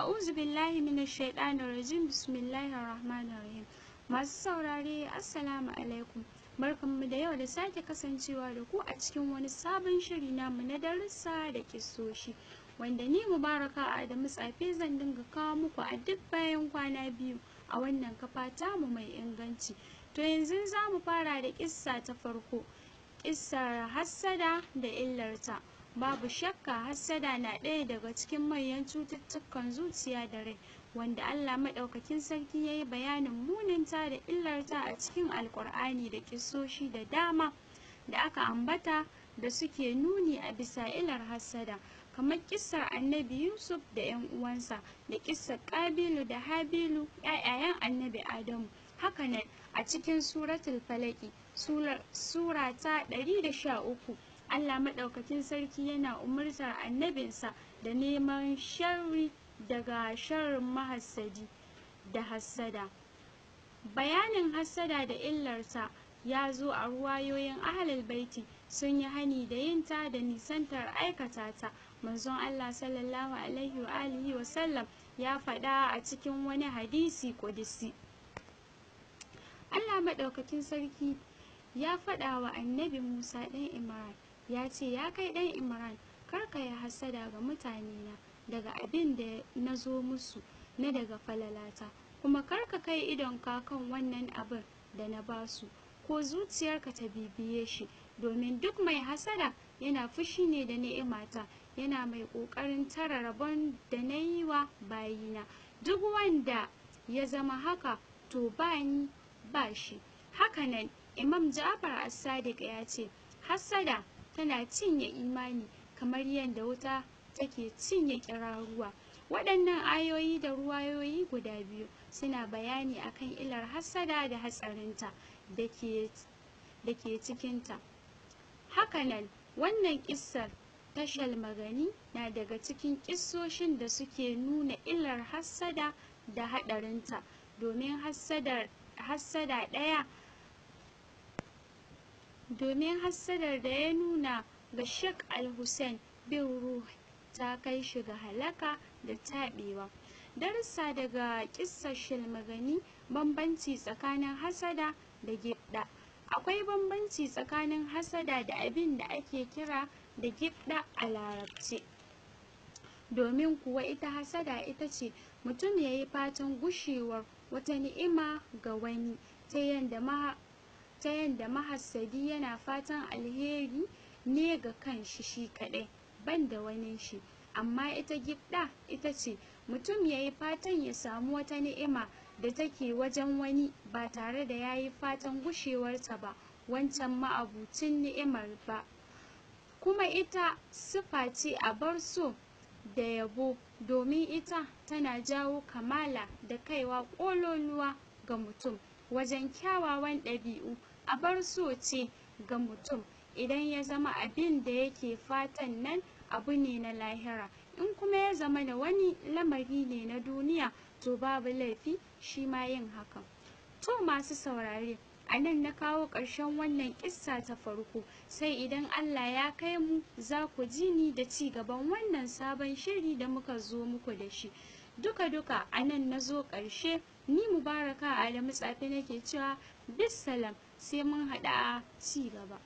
A'udhu billahi minash shaitanir rajim. Bismillahir rahmanir rahim. Masu saurare Assalamu alaikum. Barkanmu da yau da sake kasancewa da ku a cikin wani sabon shiri namu na darussa da kisoshi wanda ni Mubaraka Adamu Tsafe zan dinga kawo muku a duk bayan kwana biyu a wannan kafa mu mai inganci. To yanzu za mu fara da kissa ta farko. Kissar hassada da illarta. babu shakka hassada na ɗaya daga cikin manyan cututtukan zuciya da rai wanda Allah maɗaukakin sarki ya yi bayanin muninta da illarta a cikin alkur'ani da kisoshi da dama da aka ambata da suke nuni a bisa ilar hassada kamar kissar annabi yusuf da 'yan uwansa da kissar kabilu da habilu 'ya'yayan annabi adamu hakanan a cikin suratul falaki sura ta 113 Allah maɗaukacin sarki yana umurtar annabinsa da neman sharri daga sharrin mahassadi da hassada. Bayanin hassada da illarta ya zo a ruwayoyin ahalal baiti sun yi hani da yinta da nisantar aikata ta. Manzon Allah sallallahu alaihi wa alihi wa ya faɗa a cikin wani hadisi ƙudisi. Allah maɗaukakin sarki ya faɗa wa annabi Musa ɗan Imran ya ce ya kai ɗan imran kar ka yi hassada ga mutanena daga abin da na zo musu na daga falalata kuma kar ka kai idonka kan wannan abin da na basu ko zuciyarka ta bibiye shi domin duk mai hasada yana fushi ne da ni'imata yana mai ƙoƙarin tara rabon da na yi wa na duk wanda ya zama haka to ba ni ba shi haka nan imam ja'far as-sadiq ya ce hasada tana cinye imani kamar yadda wuta take cinye ƙirar waɗannan ayoyi da ruwayoyi guda biyu suna bayani akan ilar hassada da hatsarinta da ke cikinta hakanan wannan ƙissar tashar magani na daga cikin ƙissoshin da suke nuna ilar hassada da haɗarinta domin hassada ɗaya domin hassadar da ya nuna ga Sheikh Al-Hussein bin Ruh ta kai shi ga halaka da taɓewa. Darussa daga ƙissar Shilmagani bambanci tsakanin hasada da gibda. Akwai bambanci tsakanin hasada da abin da ake kira da gibda a larabci. Domin kuwa ita hasada ita ce mutum ya yi fatan gushewar wata ni'ima ga wani ta yadda ta yanda mahassadi yana fatan alheri ne ga kanshi shi kaɗai ban da wanin shi amma ita gibda ita ce mutum ya yi fatan ya samu wata ni'ima da take wajen wani ba tare da ya yi fatan gushewarta ba wancan ma'abucin ni'imar ba kuma ita sifa ce a bar so da yabo domin ita tana jawo kamala da kaiwa ƙololuwa ga mutum wajen kyawawan ɗabi'u abar so ce ga mutum idan ya zama abin da yake fatan nan abu ne na lahira in kuma ya zama da wani lamari ne na duniya to babu laifi shi ma yin hakan to masu saurare a nan na kawo ƙarshen wannan ƙissa ta farko sai idan Allah ya kai mu za ku ji ni da ci gaban wannan sabon shiri da muka zo muku da shi duka-duka a nan na zo ƙarshe ni mubaraka adamu tsafi nake cewa bisalam sai mun haɗa a ci gaba